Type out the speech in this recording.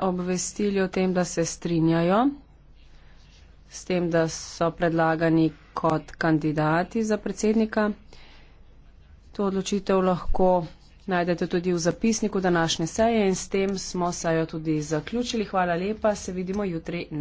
obvestili o tem, da se strinjajo s tem, da so predlagani kot kandidati za predsednika. To odločitev lahko najdete tudi v zapisniku današnje seje in s tem smo sejo tudi zaključili. Hvala lepa, se vidimo jutri.